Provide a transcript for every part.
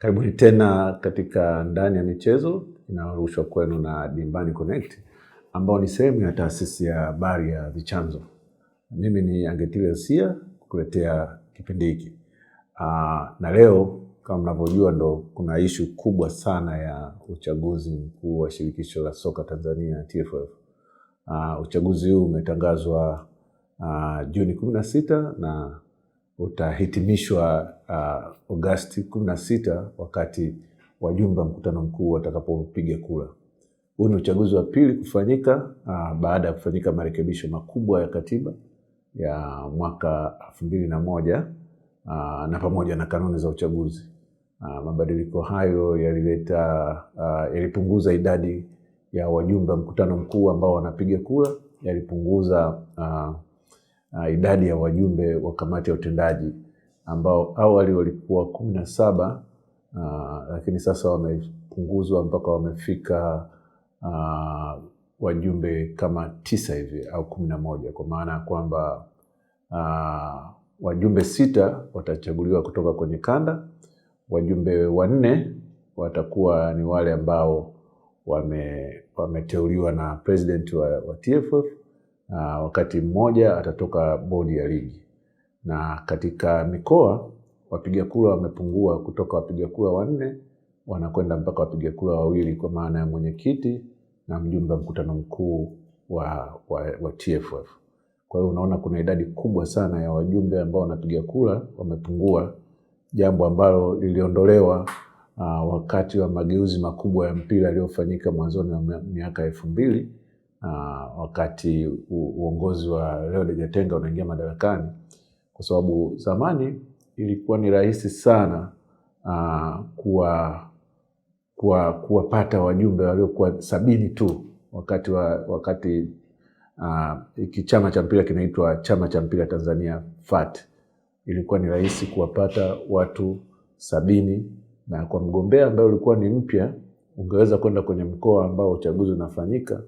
Karibuni tena katika Ndani ya Michezo inayorushwa kwenu na Dimbani Connect ambao ni sehemu ya taasisi ya habari ya Vichanzo. Mimi ni Angetile Sia kukuletea kipindi hiki, ah, na leo kama mnavyojua, ndo kuna ishu kubwa sana ya uchaguzi mkuu wa shirikisho la soka Tanzania TFF. Aa, ah, uchaguzi huu umetangazwa ah, Juni kumi na sita na utahitimishwa uh, Agosti kumi na sita wakati wajumbe wa mkutano mkuu watakapopiga kura. Huu ni uchaguzi wa pili kufanyika uh, baada ya kufanyika marekebisho makubwa ya katiba ya mwaka elfu mbili na moja uh, na pamoja na kanuni za uchaguzi uh, mabadiliko hayo yalileta uh, yalipunguza idadi ya wajumbe wa mkutano mkuu ambao wanapiga kura, yalipunguza uh, uh, idadi ya wajumbe wa kamati ya utendaji ambao awali walikuwa kumi na saba uh, lakini sasa wamepunguzwa mpaka wamefika uh, wajumbe kama tisa hivi au kumi na moja kwa maana ya kwamba uh, wajumbe sita watachaguliwa kutoka kwenye kanda, wajumbe wanne watakuwa ni wale ambao wame, wameteuliwa na president wa, wa TFF Ah, wakati mmoja atatoka bodi ya ligi. Na katika mikoa wapiga kura wamepungua kutoka wapiga kura wanne wanakwenda mpaka wapiga kura wawili, kwa maana ya mwenyekiti na mjumbe wa mkutano mkuu wa, wa, wa TFF. Kwa hiyo unaona kuna idadi kubwa sana ya wajumbe ambao wanapiga kura wamepungua, jambo ambalo liliondolewa uh, wakati wa mageuzi makubwa ya mpira yaliyofanyika mwanzoni mwa miaka elfu mbili uh, wakati uongozi wa Leodegar Tenga unaingia madarakani, kwa sababu zamani ilikuwa ni rahisi sana uh, kuwa kuwa kuwapata wajumbe waliokuwa sabini tu wakati wa wakati uh, chama cha mpira kinaitwa Chama cha Mpira Tanzania FAT, ilikuwa ni rahisi kuwapata watu sabini na kwa mgombea ambaye ulikuwa ni mpya ungeweza kwenda kwenye mkoa ambao uchaguzi unafanyika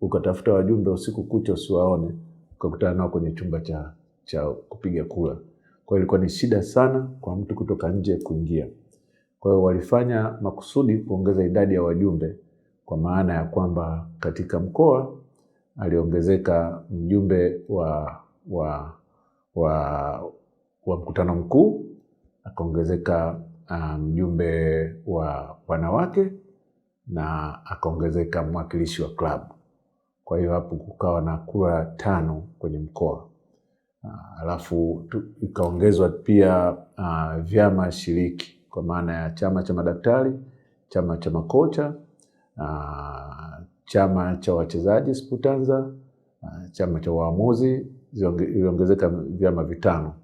ukatafuta wajumbe usiku kucha usiwaone, ukakutana nao kwenye chumba cha, cha kupiga kura. Kwa hiyo ilikuwa ni shida sana kwa mtu kutoka nje kuingia. Kwa hiyo walifanya makusudi kuongeza idadi ya wajumbe, kwa maana ya kwamba katika mkoa aliongezeka mjumbe wa, wa, wa, wa mkutano mkuu, akaongezeka mjumbe um, wa wanawake na akaongezeka mwakilishi wa klabu. Kwa hiyo hapo kukawa na kura tano kwenye mkoa ah, alafu ikaongezwa pia uh, vyama shiriki kwa maana ya chama cha madaktari, chama cha makocha uh, chama cha wachezaji Sputanza uh, chama cha waamuzi, iliongezeka vyama vitano.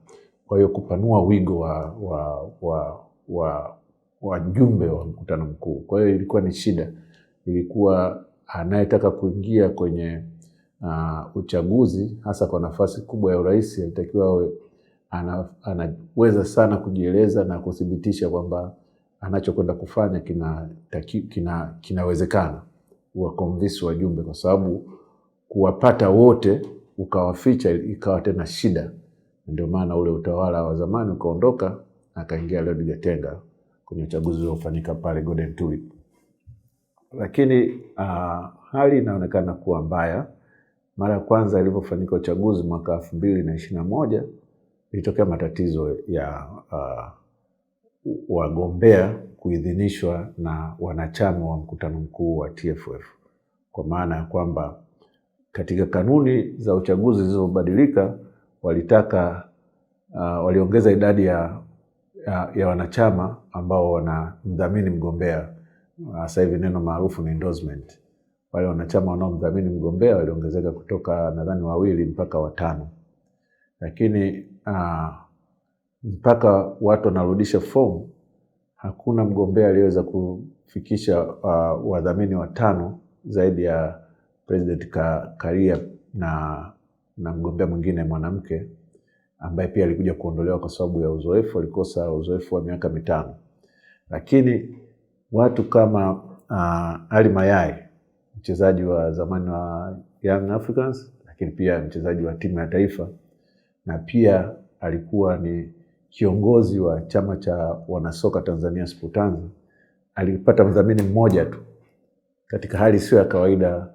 Kwa hiyo kupanua wigo wa wa wa wajumbe wa, wa mkutano mkuu. Kwa hiyo ilikuwa ni shida, ilikuwa anayetaka kuingia kwenye uh, uchaguzi hasa kwa nafasi kubwa ya urais alitakiwa awe ana, anaweza sana kujieleza na kuthibitisha kwamba anachokwenda kufanya kinawezekana kina, kina wakomvisi wajumbe, kwa sababu kuwapata wote ukawaficha ikawa tena shida. Ndio maana ule utawala wa zamani ukaondoka, akaingia Leodegar Tenga kwenye uchaguzi uliofanyika pale Golden Tulip lakini uh, hali inaonekana kuwa mbaya. Mara ya kwanza ilivyofanyika uchaguzi mwaka elfu mbili na ishirini na moja ilitokea matatizo ya uh, wagombea kuidhinishwa na wanachama wa mkutano mkuu wa TFF kwa maana ya kwamba katika kanuni za uchaguzi zilizobadilika walitaka uh, waliongeza idadi ya, ya, ya wanachama ambao wanamdhamini mgombea sasa hivi neno maarufu ni endorsement. Wale wanachama wanaomdhamini mgombea waliongezeka kutoka nadhani wawili mpaka watano, lakini aa, ah, mpaka watu wanarudisha fomu hakuna mgombea aliyeweza kufikisha uh, wadhamini watano zaidi ya President ka, Karia na na mgombea mwingine mwanamke ambaye pia alikuja kuondolewa kwa sababu ya uzoefu, alikosa uzoefu wa miaka mitano, lakini watu kama uh, Ali Mayai, mchezaji wa zamani wa Young Africans, lakini pia mchezaji wa timu ya taifa na pia alikuwa ni kiongozi wa chama cha wanasoka Tanzania Sportanza. Alipata mdhamini mmoja tu katika hali sio ya kawaida.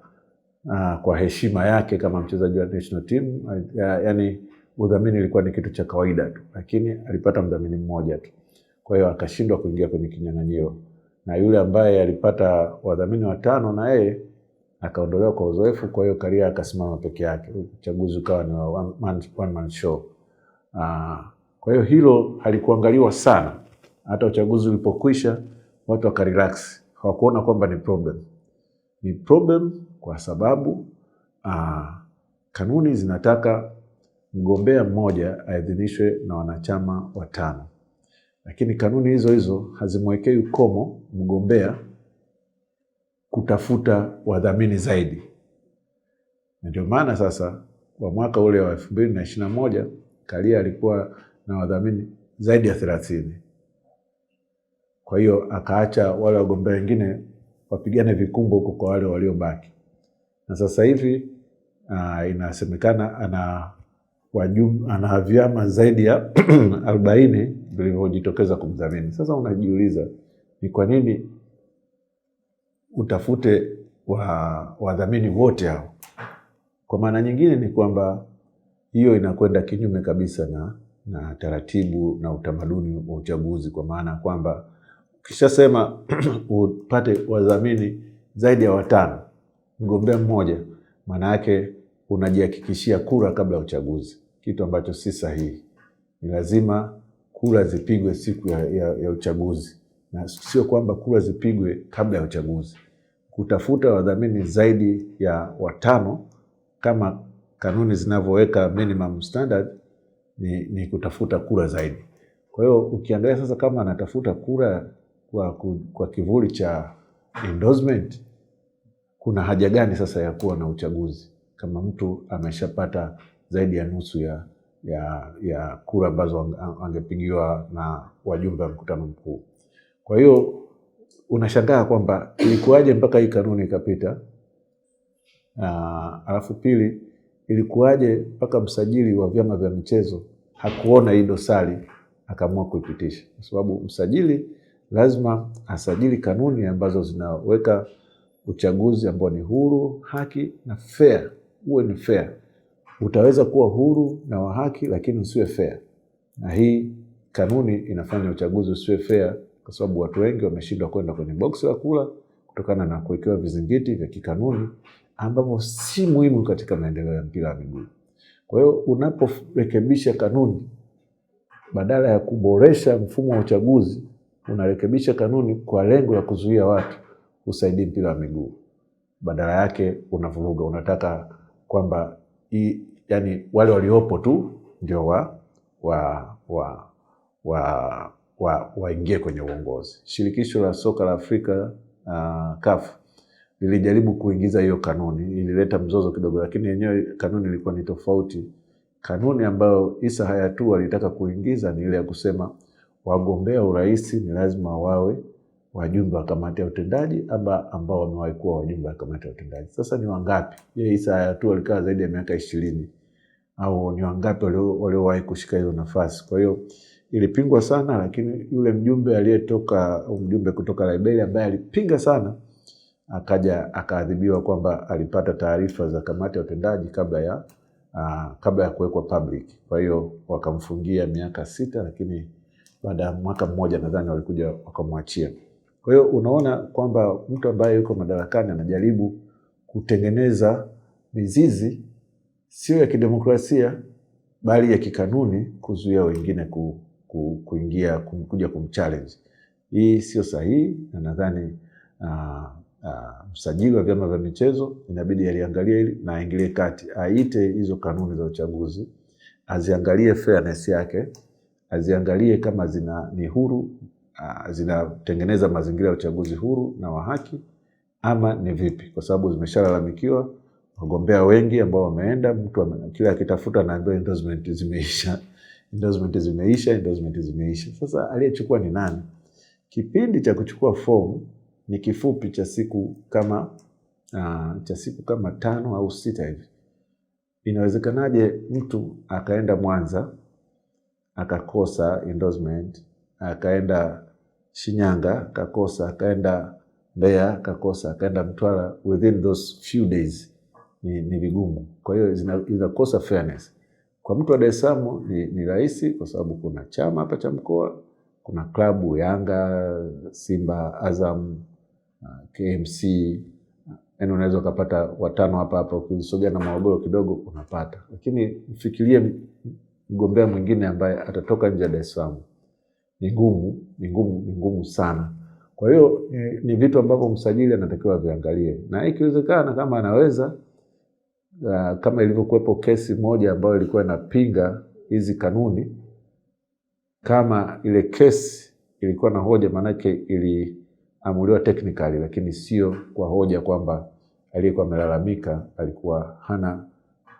Uh, kwa heshima yake kama mchezaji wa national team uh, yani udhamini ilikuwa ni kitu cha kawaida tu, lakini alipata mdhamini mmoja tu, kwa hiyo akashindwa kuingia kwenye kinyang'anyiro na yule ambaye alipata wadhamini watano na yeye akaondolewa kwa uzoefu. Kwa hiyo Karia akasimama peke yake, uchaguzi ukawa ni wa one man, show. Aa, ah, kwa hiyo hilo halikuangaliwa sana. Hata uchaguzi ulipokwisha watu wakarelax, hawakuona kwamba ni problem. Ni problem kwa sababu aa, ah, kanuni zinataka mgombea mmoja aidhinishwe na wanachama watano. Lakini kanuni hizo hizo hazimwekei ukomo mgombea kutafuta wadhamini zaidi. Ndio maana sasa kwa mwaka ule wa elfu mbili na ishirini na moja Kalia alikuwa na wadhamini zaidi ya thelathini. Kwa hiyo akaacha wale wagombea wengine wapigane vikumbo huko kwa wale waliobaki, na sasa hivi uh, inasemekana ana wajum, ana vyama zaidi ya arobaini vilivyojitokeza kumdhamini. Sasa unajiuliza ni kwa nini utafute wa wadhamini wote hao? Kwa maana nyingine ni kwamba hiyo inakwenda kinyume kabisa na na taratibu na utamaduni wa uchaguzi, kwa maana kwamba ukishasema upate wadhamini zaidi ya watano, mgombea mmoja, maana yake unajihakikishia kura kabla ya uchaguzi, kitu ambacho si sahihi. Ni lazima kura zipigwe siku ya, ya, ya uchaguzi na sio kwamba kura zipigwe kabla ya uchaguzi. Kutafuta wadhamini zaidi ya watano kama kanuni zinavyoweka minimum standard ni, ni kutafuta kura zaidi. Kwa hiyo ukiangalia sasa, kama anatafuta kura kwa, kwa kivuli cha endorsement, kuna haja gani sasa ya kuwa na uchaguzi? kama mtu ameshapata zaidi ya nusu ya, ya, ya kura ambazo angepigiwa na wajumbe wa mkutano mkuu. Kwa hiyo unashangaa kwamba ilikuwaje mpaka hii kanuni ikapita. Alafu pili, ilikuwaje mpaka msajili wa vyama vya michezo hakuona hii dosari akaamua kuipitisha? Kwa sababu msajili lazima asajili kanuni ambazo zinaweka uchaguzi ambao ni huru, haki na fair uwe ni fair. Utaweza kuwa huru na wa haki, lakini usiwe fair, na hii kanuni inafanya uchaguzi usiwe fair, kwa sababu watu wengi wameshindwa kwenda kwenye boksi la kula kutokana na kuwekewa vizingiti vya kikanuni ambavyo si muhimu katika maendeleo ya mpira wa miguu. Kwa hiyo unaporekebisha kanuni, badala ya kuboresha mfumo wa uchaguzi, unarekebisha kanuni kwa lengo la kuzuia watu usaidii mpira wa miguu. Badala yake unavuruga, unataka kwamba yani wale waliopo tu ndio wa wa wa wa waingie wa kwenye uongozi. Shirikisho la soka la Afrika uh, CAF lilijaribu kuingiza hiyo kanuni, ilileta mzozo kidogo, lakini yenyewe kanuni ilikuwa ni tofauti. Kanuni ambayo Isa Hayatu alitaka kuingiza ni ile ya kusema wagombea urais ni lazima wawe wajumbe wa kamati ya utendaji ama ambao wamewahi kuwa wajumbe wa kamati ya utendaji. Sasa ni wangapi? Je, Issa Hayatou alikaa zaidi ya miaka ishirini au ni wangapi waliowahi kushika hiyo nafasi? Kwa hiyo ilipingwa sana, lakini yule mjumbe aliyetoka, mjumbe kutoka Liberia ambaye alipinga sana, akaja akaadhibiwa kwamba alipata taarifa za kamati ya utendaji kabla ya uh, kabla ya kuwekwa public. Kwa hiyo wakamfungia miaka sita, lakini baada ya mwaka mmoja nadhani walikuja wakamwachia. Kwa hiyo unaona kwamba mtu ambaye yuko madarakani anajaribu kutengeneza mizizi sio ya kidemokrasia bali ya kikanuni kuzuia wengine ku, ku, kuingia kum, kuja kumchallenge. Hii sio sahihi, na nadhani ah, ah, msajili wa vyama vya michezo inabidi aliangalia hili na aingilie kati, aite hizo kanuni za uchaguzi, aziangalie fairness yake, aziangalie kama zina ni huru Ah, zinatengeneza mazingira ya uchaguzi huru na wa haki ama ni vipi? Kwa sababu zimeshalalamikiwa, wagombea wengi ambao wameenda, mtu wa kila akitafuta anaambiwa endorsement zimeisha, endorsement zimeisha, endorsement zimeisha. Sasa aliyechukua ni nani? Kipindi cha kuchukua fomu ni kifupi cha siku kama uh, cha siku kama tano au sita hivi. Inawezekanaje mtu akaenda Mwanza akakosa endorsement akaenda Shinyanga, kakosa, akaenda Mbeya, kakosa, akaenda Mtwara, within those few days ni, ni vigumu. Kwa hiyo inakosa fairness. Kwa mtu wa Dar es Salaam ni, ni rahisi kwa sababu kuna chama hapa cha mkoa, kuna klabu Yanga, Simba, Azam, uh, KMC, uh, yaani unaweza ukapata watano hapa hapa, ukisogea na Morogoro kidogo unapata, lakini mfikirie mgombea mwingine ambaye atatoka nje ya Dar es Salaam ni ngumu, ni ngumu, ni ngumu sana. Kwa hiyo ni, eh, ni vitu ambavyo msajili anatakiwa viangalie, na ikiwezekana kama anaweza uh, kama ilivyokuwepo kesi moja ambayo ilikuwa inapinga hizi kanuni, kama ile kesi ilikuwa na hoja, maanake iliamuliwa technically, lakini sio kwa hoja kwamba aliyekuwa amelalamika alikuwa hana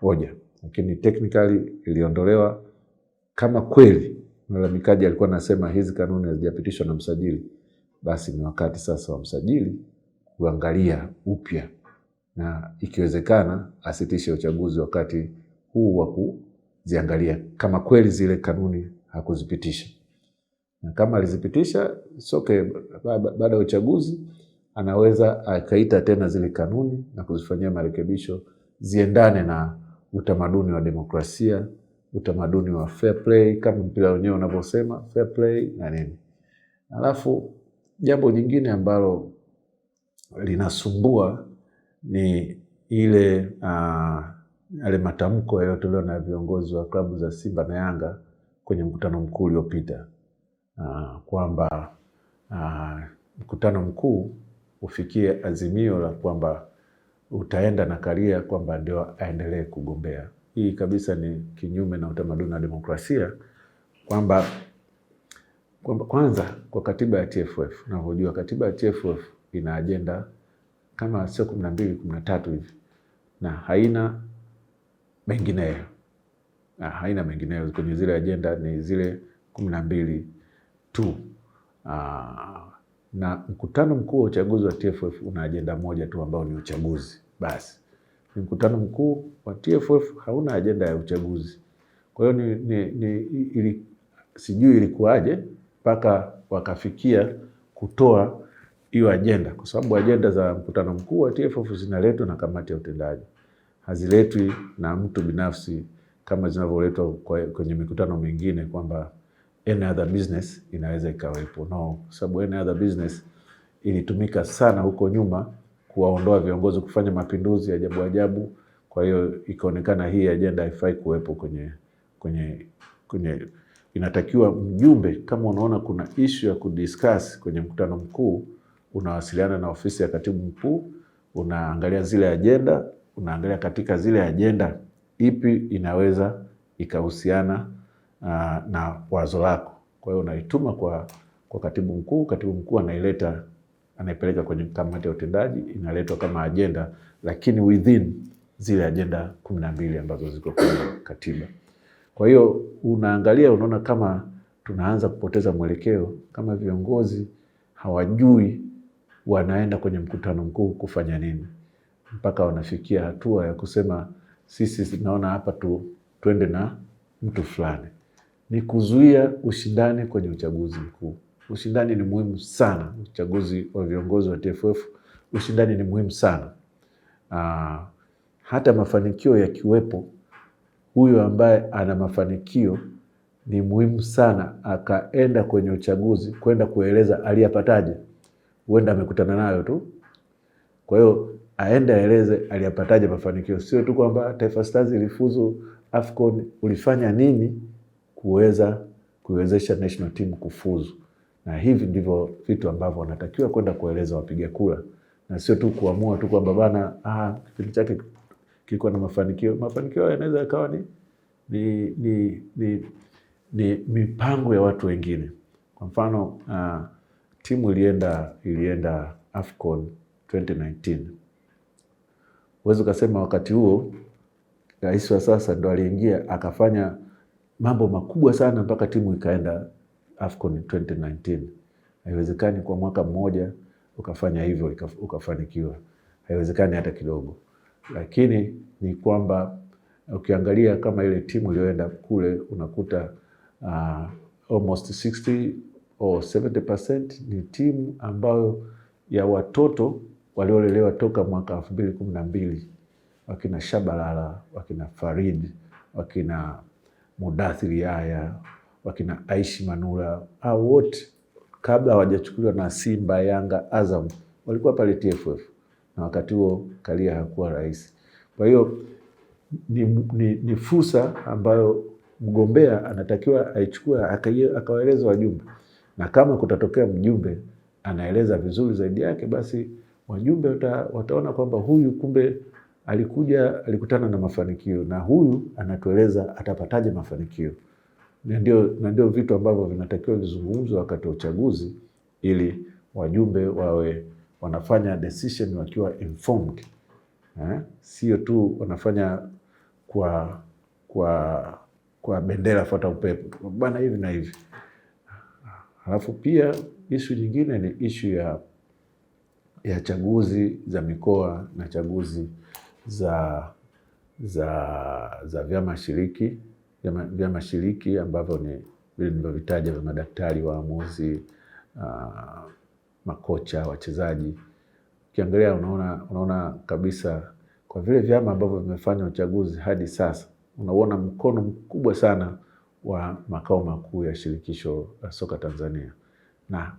hoja, lakini technically iliondolewa kama kweli mlalamikaji alikuwa anasema hizi kanuni hazijapitishwa na msajili, basi ni wakati sasa wa msajili kuangalia upya na ikiwezekana asitishe uchaguzi wakati huu wa kuziangalia kama kweli zile kanuni hakuzipitisha, na kama alizipitisha soke baada ya uchaguzi anaweza akaita tena zile kanuni na kuzifanyia marekebisho ziendane na utamaduni wa demokrasia utamaduni wa fair play kama mpira wenyewe unavyosema fair play na nini. Alafu jambo jingine ambalo linasumbua ni ile uh, yale matamko yaliyotolewa na viongozi wa klabu za Simba na Yanga kwenye mkutano mkuu uliopita uh, kwamba uh, mkutano mkuu ufikie azimio la kwamba utaenda na Karia kwamba ndio aendelee kugombea hii kabisa ni kinyume na utamaduni wa demokrasia kwamba kwamba kwanza kwa katiba ya TFF unavyojua katiba ya TFF ina ajenda kama sio kumi na mbili kumi na tatu hivi na haina mengineyo na haina mengineyo kwenye zile ajenda ni zile kumi na mbili tu. Ah, na mkutano mkuu wa uchaguzi wa TFF una ajenda moja tu ambao ni uchaguzi basi mkutano mkuu wa TFF hauna ajenda ya uchaguzi. Kwa hiyo ni, ni, ni ili, sijui ilikuwaje mpaka wakafikia kutoa hiyo ajenda, kwa sababu ajenda za mkutano mkuu wa TFF zinaletwa na kamati ya utendaji, haziletwi na mtu binafsi kama zinavyoletwa kwenye mikutano mingine kwamba any other business inaweza ikawepo. No, kwa sababu any other business ilitumika sana huko nyuma kuwaondoa viongozi kufanya mapinduzi ajabu ajabu. Kwa hiyo ikaonekana hii ajenda haifai kuwepo kwenye kwenye kwenye, inatakiwa mjumbe, kama unaona kuna ishu ya kudiskas kwenye mkutano mkuu, unawasiliana na ofisi ya katibu mkuu, unaangalia zile ajenda, unaangalia katika zile ajenda ipi inaweza ikahusiana uh, na wazo lako. Kwa hiyo unaituma kwa, kwa katibu mkuu, katibu mkuu anaileta anaipeleka kwenye kamati ya utendaji, inaletwa kama ajenda, lakini within zile ajenda kumi na mbili ambazo ziko kwenye katiba. Kwa hiyo unaangalia, unaona kama tunaanza kupoteza mwelekeo, kama viongozi hawajui wanaenda kwenye mkutano mkuu kufanya nini, mpaka wanafikia hatua ya kusema sisi tunaona hapa tu, twende na mtu fulani. Ni kuzuia ushindani kwenye uchaguzi mkuu. Ushindani ni muhimu sana, uchaguzi wa viongozi wa TFF, ushindani ni muhimu sana. Aa, ah, hata mafanikio yakiwepo, huyo ambaye ana mafanikio ni muhimu sana akaenda kwenye uchaguzi kwenda kueleza aliyapataje. Huenda amekutana nayo tu, kwa hiyo aende aeleze aliyapataje mafanikio, sio tu kwamba Taifa Stars ilifuzu AFCON, ulifanya nini kuweza kuiwezesha national team kufuzu na hivi ndivyo vitu ambavyo wanatakiwa kwenda kueleza wapiga kura, na sio tu kuamua tu kwamba bana, ah, kipindi chake kilikuwa na mafanikio. Mafanikio yanaweza yakawa ni, ni, ni, ni, ni mipango ya watu wengine. Kwa mfano ah, timu ilienda ilienda AFCON 2019 huwezi ukasema wakati huo rais wa sasa ndo aliingia akafanya mambo makubwa sana mpaka timu ikaenda AFCON 2019. Haiwezekani kwa mwaka mmoja ukafanya hivyo ukafanikiwa, haiwezekani hata kidogo. Lakini ni kwamba ukiangalia kama ile timu iliyoenda kule unakuta uh, almost 60 or 70% ni timu ambayo ya watoto waliolelewa toka mwaka elfu mbili kumi na mbili wakina Shabalala, wakina Farid, wakina Mudathiri Yahya wakina Aishi Manula au wote kabla hawajachukuliwa na Simba, Yanga, Azam walikuwa pale TFF na wakati huo Kalia hakuwa rais. Kwa hiyo ni, ni, ni fursa ambayo mgombea anatakiwa aichukue akawaeleza wajumbe, na kama kutatokea mjumbe anaeleza vizuri zaidi yake, basi wajumbe wata, wataona kwamba huyu kumbe alikuja alikutana na mafanikio na huyu anatueleza atapataje mafanikio na ndio, na ndio vitu ambavyo vinatakiwa vizungumzwe wakati wa uchaguzi ili wajumbe wawe wanafanya decision wakiwa informed eh, sio tu wanafanya kwa kwa kwa bendera fuata upepo bana hivi na hivi. Halafu pia ishu nyingine ni ishu ya ya chaguzi za mikoa na chaguzi za za za vyama shiriki vya mashiriki ambavyo ni vile nilivyovitaja vya madaktari, waamuzi, uh, makocha, wachezaji. Ukiangalia unaona, unaona kabisa kwa vile vyama ambavyo vimefanya uchaguzi hadi sasa, unauona mkono mkubwa sana wa makao makuu ya shirikisho la soka Tanzania, na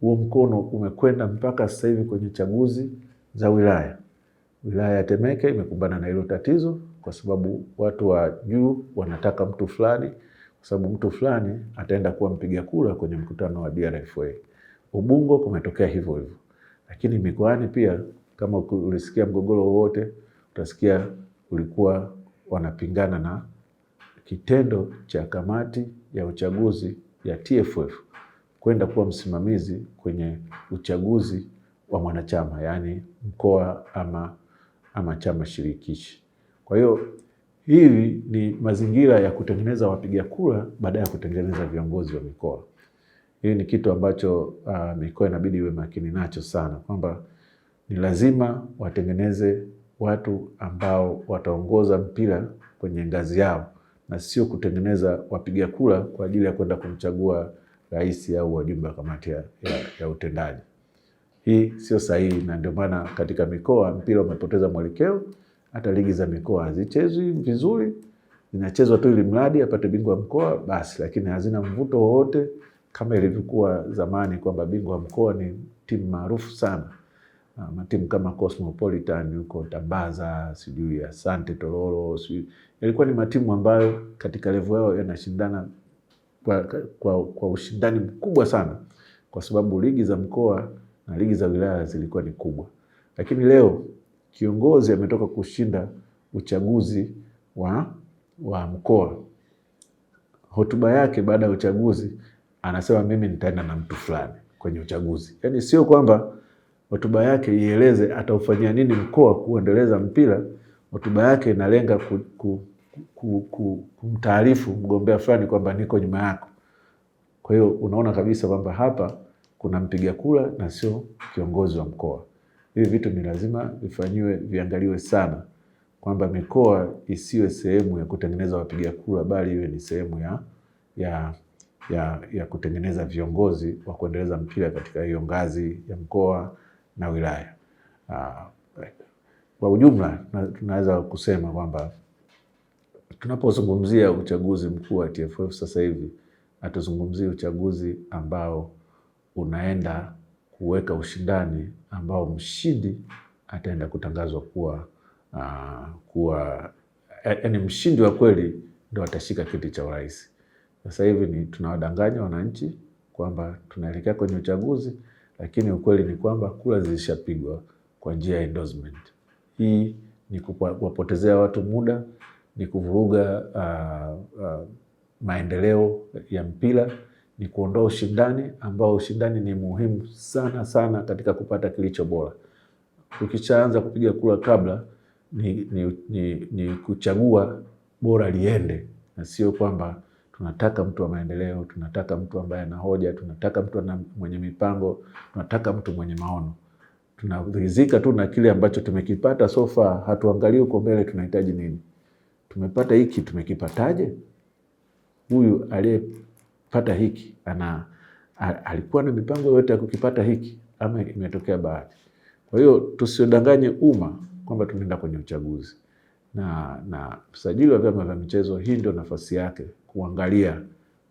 huo mkono umekwenda mpaka sasa hivi kwenye chaguzi za wilaya. Wilaya ya Temeke imekumbana na hilo tatizo kwa sababu watu wa juu wanataka mtu fulani, kwa sababu mtu fulani ataenda kuwa mpiga kura kwenye mkutano wa DRFA. Ubungo kumetokea hivyo hivyo, lakini mikoani pia, kama ulisikia mgogoro wowote, utasikia ulikuwa wanapingana na kitendo cha kamati ya uchaguzi ya TFF kwenda kuwa msimamizi kwenye uchaguzi wa mwanachama, yaani mkoa ama, ama chama shirikishi. Kwa hiyo hivi ni mazingira ya kutengeneza wapiga kura baada ya kutengeneza viongozi wa mikoa. Hii ni kitu ambacho uh, mikoa inabidi iwe makini nacho sana, kwamba ni lazima watengeneze watu ambao wataongoza mpira kwenye ngazi yao na sio kutengeneza wapiga kura kwa ajili ya kwenda kumchagua rais au wajumbe wa kamati ya, ya, ya utendaji. Hii sio sahihi, na ndio maana katika mikoa mpira umepoteza mwelekeo. Hata ligi za mikoa hazichezwi vizuri, zinachezwa tu ili mradi apate bingwa mkoa basi, lakini hazina mvuto wowote kama ilivyokuwa zamani, kwamba bingwa mkoa ni timu maarufu sana. Matimu kama Cosmopolitan huko Tabaza, sijui Asante Tororo, sijui yalikuwa ni matimu ambayo katika levu yao yanashindana kwa, kwa, kwa ushindani mkubwa sana, kwa sababu ligi za mkoa na ligi za wilaya zilikuwa ni kubwa, lakini leo kiongozi ametoka kushinda uchaguzi wa, wa mkoa. Hotuba yake baada ya uchaguzi anasema mimi nitaenda na mtu fulani kwenye uchaguzi. Yaani sio kwamba hotuba yake ieleze ataufanyia nini mkoa kuendeleza mpira. Hotuba yake inalenga ku, ku, ku, ku, kumtaarifu mgombea fulani kwamba niko nyuma yako. Kwa hiyo unaona kabisa kwamba hapa kuna mpiga kura na sio kiongozi wa mkoa. Hivi vitu ni lazima vifanyiwe, viangaliwe sana kwamba mikoa isiwe sehemu ya kutengeneza wapiga kura, bali iwe ni sehemu ya, ya, ya, ya kutengeneza viongozi wa kuendeleza mpira katika hiyo ngazi ya mkoa na wilaya. Ah, kwa ujumla tunaweza kusema kwamba tunapozungumzia uchaguzi mkuu wa TFF sasa hivi hatuzungumzii uchaguzi ambao unaenda kuweka ushindani ambao mshindi ataenda kutangazwa kuwa uh, kuwa yaani mshindi wa kweli ndo atashika kiti cha urais. Sasa hivi ni tunawadanganya wananchi kwamba tunaelekea kwenye uchaguzi, lakini ukweli ni kwamba kura zilishapigwa kwa njia ya endorsement. Hii ni kuwapotezea watu muda, ni kuvuruga uh, uh, maendeleo ya mpira ni kuondoa ushindani ambao ushindani ni muhimu sana sana katika kupata kilicho bora. Ukishaanza kupiga kura kabla ni, ni, ni, ni kuchagua bora liende, na sio kwamba tunataka mtu wa maendeleo, tunataka mtu ambaye ana hoja, tunataka mtu mwenye mipango, tunataka mtu mwenye maono. Tunaridhika tu na kile ambacho tumekipata so far, hatuangalii huko mbele tunahitaji nini. Tumepata hiki, tumekipataje? Huyu aliye kupata hiki ana, alikuwa na mipango yote ya kukipata hiki ama imetokea bahati. Kwa hiyo tusiodanganye umma kwamba tunaenda kwenye uchaguzi na, na msajili wa vyama vya michezo, hii ndio nafasi yake kuangalia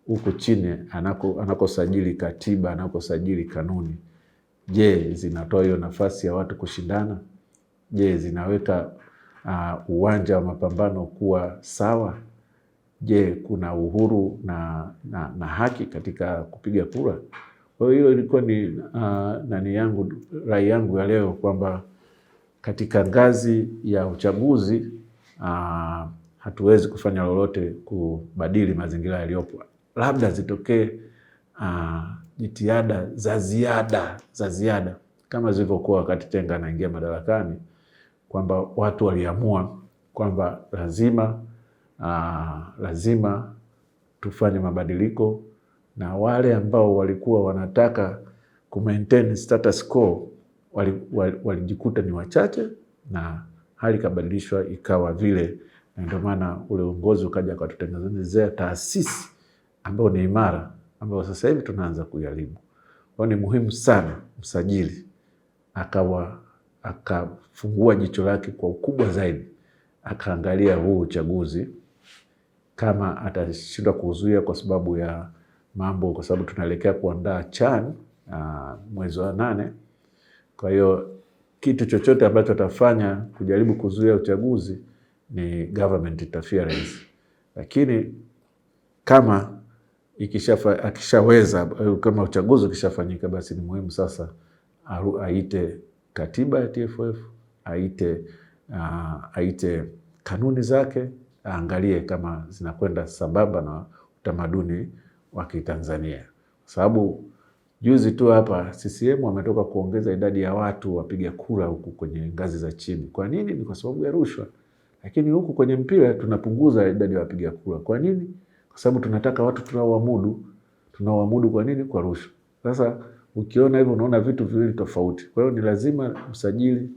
huku chini anako anakosajili katiba, anakosajili kanuni. Je, zinatoa hiyo nafasi ya watu kushindana? Je, zinaweka uh, uwanja wa mapambano kuwa sawa? je, kuna uhuru na, na, na haki katika kupiga kura? Kwa hiyo ilikuwa ni uh, nani yangu rai yangu ya leo kwamba katika ngazi ya uchaguzi uh, hatuwezi kufanya lolote kubadili mazingira yaliyopo, labda zitokee uh, jitihada za ziada za ziada kama zilivyokuwa wakati Tenga anaingia madarakani, kwamba watu waliamua kwamba lazima aa, ah, lazima tufanye mabadiliko, na wale ambao walikuwa wanataka ku maintain status quo walijikuta wali, wali ni wachache na hali ikabadilishwa ikawa vile, na ndio maana ule uongozi ukaja akatutengenezea taasisi ambayo ni imara, ambayo sasa hivi tunaanza kuiharibu. Kwa ni muhimu sana msajili akawa akafungua jicho lake kwa ukubwa zaidi, akaangalia huu uchaguzi kama atashindwa kuzuia kwa sababu ya mambo, kwa sababu tunaelekea kuandaa CHAN ah, mwezi wa nane. Kwa hiyo kitu chochote ambacho atafanya kujaribu kuzuia uchaguzi ni government interference, lakini kama ikishafa, akishaweza eh, kama uchaguzi ukishafanyika, basi ni muhimu sasa aite katiba ya TFF aite, uh, aite kanuni zake aangalie kama zinakwenda sambamba na utamaduni wa Kitanzania, kwa sababu juzi tu hapa CCM wametoka kuongeza idadi ya watu wapiga kura huku kwenye ngazi za chini. Kwa nini? Ni kwa sababu ya rushwa. Lakini huku kwenye mpira tunapunguza idadi ya wapiga kura. Kwa nini? Kwa sababu tunataka watu tunaoamudu. Tunaoamudu kwa nini? Kwa rushwa. Sasa ukiona hivyo, unaona vitu viwili tofauti. Kwa hiyo ni lazima msajili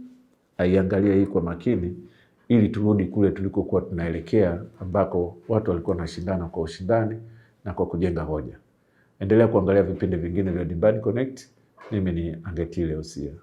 aiangalie hii kwa makini ili turudi kule tulikokuwa tunaelekea ambako watu walikuwa wanashindana kwa ushindani na kwa kujenga hoja. Endelea kuangalia vipindi vingine vya Dimbani Connect. Mimi ni Angetile Osia.